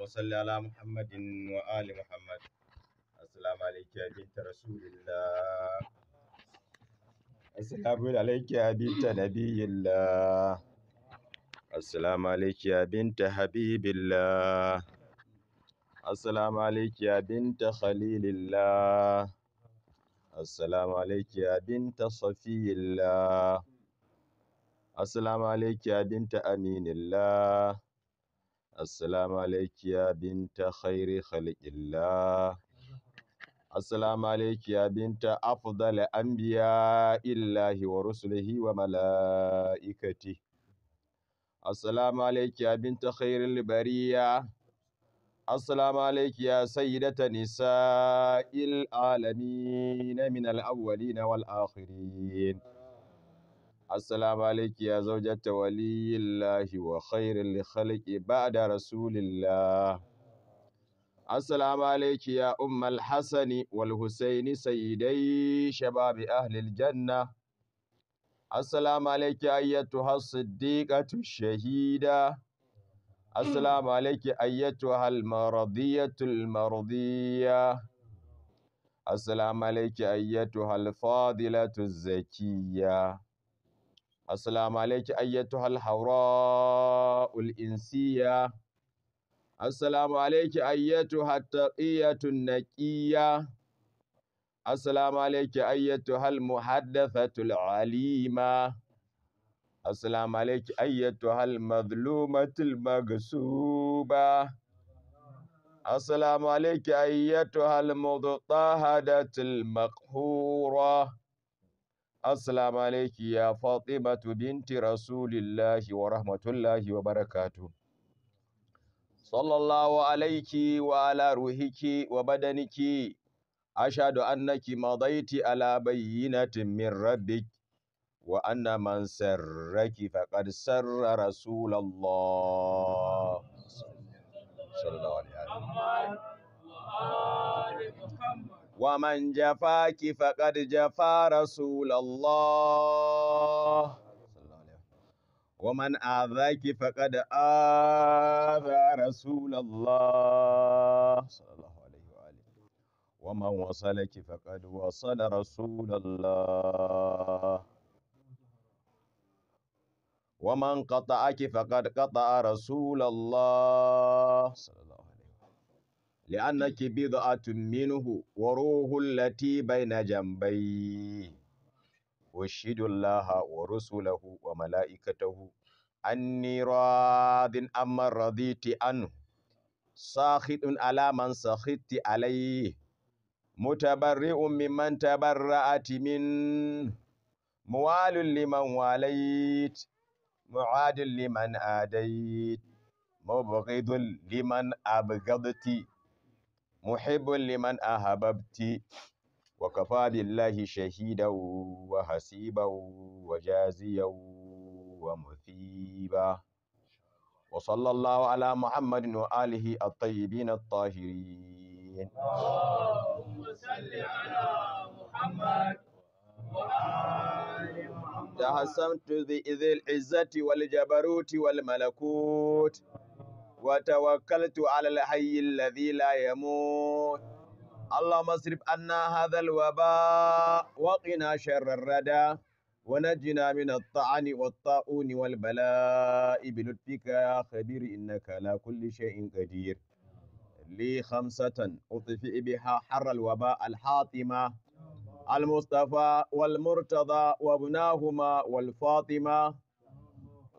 وصلي على محمد وآل محمد السلام عليك يا بنت رسول الله السلام عليك يا بنت نبي الله السلام عليك يا بنت حبيب الله السلام عليك يا بنت خليل الله السلام عليك يا بنت صفي الله السلام عليك يا بنت أمين الله Assalamu alaiki ya binta khairi khalqillah. Assalamu alaiki ya binta afdal anbiya illahi wa rusulihi wa malaikati. Assalamu alaiki ya binta khairil bariya. Assalamu alaiki ya sayyidata nisa'il alamin min al wal akhirin. assalamu alayki ya zawjata waliyillahi wa khairil khaliqi ba'da rasulillah assalamu alayki ya ummal hasani wal husaini sayyidai shababi ahlil janna assalamu alayki ayyatuha siddiqatu shahida assalamu alayki ayyatuha al maradiyatul maradiyah السلام عليك أيتها الفاضلة الزكية السلام عليك أيتها الحوراء الإنسية السلام عليك أيتها التقية النقية السلام عليك أيتها المحدثة العليمة السلام عليك أيتها المظلومة المغصوبة السلام عليك أيتها المضطهدة المقهورة assalamu alaiki ya fatimatu binti rasulillahi wa rahmatullahi wa barakatu sallallahu alaiki wa ala ruhiki wa badaniki ashadu annaki madaiti ala bayyinatin min rabbik wa anna man sarraki faqad rasulallah ومن جفاك فقد جفا رسول الله ومن آذاك فقد آذى رسول الله صلى الله عليه وآله ومن وصلك فقد وصل رسول الله ومن قطعك فقد قطع رسول الله صلى الله li'annaki bid'atun minhu wa ruhul lati na jambai ushidu Allah wa rusulahu wa malaikatahu anni radin amma raditi anhu sakhidun ala man sakhiti alayhi mutabarri'un mimman tabarra'ati min muwalun liman walayt mu'adun liman adayt mubghidun liman abghadti محب لمن أهببت وكفى بالله شهيدا وحسيبا وجازيا ومثيبا وصلى الله على محمد وآله الطيبين الطاهرين اللهم صل على محمد وآل محمد تحسنت بإذ العزة والجبروت والملكوت وتوكلت على الحي الذي لا يموت اللهم اصرف عنا هذا الوباء وقنا شر الردى ونجنا من الطعن والطاعون والبلاء بلطفك يا خبير انك على كل شيء قدير لي خمسة أطفئ بها حر الوباء الحاطمة المصطفى والمرتضى وابناهما والفاطمة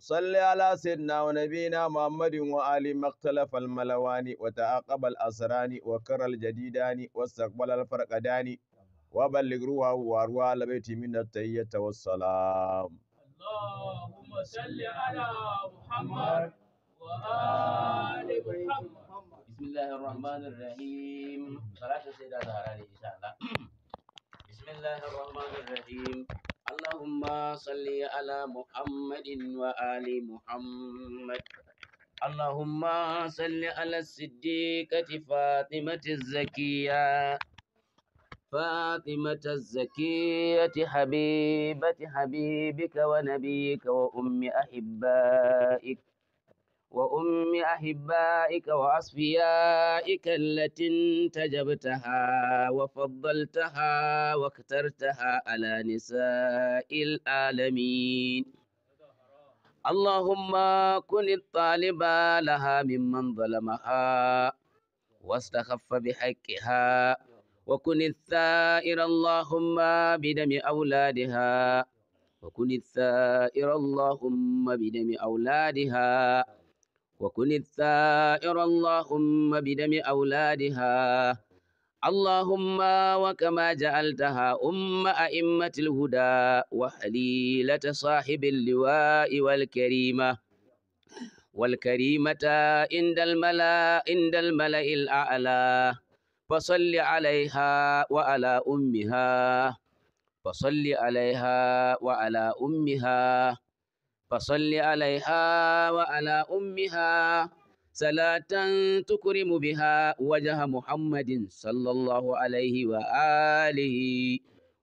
صل على سيدنا ونبينا محمد وآل ما اختلف الملوان وتعاقب الأسران وكر الجديدان واستقبل الفرقدان وبلغ روحه وأرواح البيت من التهية والسلام اللهم صل على محمد وآل محمد بسم الله الرحمن الرحيم صلاة سيدنا عليه إن شاء الله بسم الله الرحمن الرحيم اللهم صل على محمد وآل محمد اللهم صل على الصديقة فاطمة الزكية فاطمة الزكية حبيبة حبيبك ونبيك وأم أحبائك وأم أحبائك وأصفيائك التي انتجبتها وفضلتها واخترتها على نساء العالمين اللهم كن الطالب لها ممن ظلمها واستخف بحقها وكن الثائر اللهم بدم أولادها وكن الثائر اللهم بدم أولادها وكن الثائر اللهم بدم أولادها اللهم وكما جعلتها أم أئمة الهدى وحليلة صاحب اللواء والكريمة والكريمة عند الملا عند الملأ الأعلى فصل عليها وعلى أمها فصل عليها وعلى أمها فصل عليها وعلى أمها صلاة تكرم بها وجه محمد صلى الله عليه وآله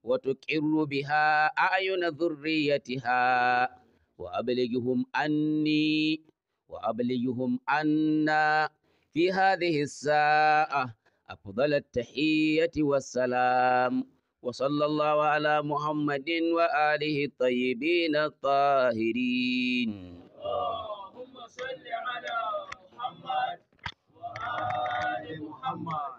وتكر بها أعين ذريتها وأبلغهم أني وأبلغهم أنا في هذه الساعة أفضل التحية والسلام وصلى الله على محمد وآله الطيبين الطاهرين اللهم صل على محمد وآل محمد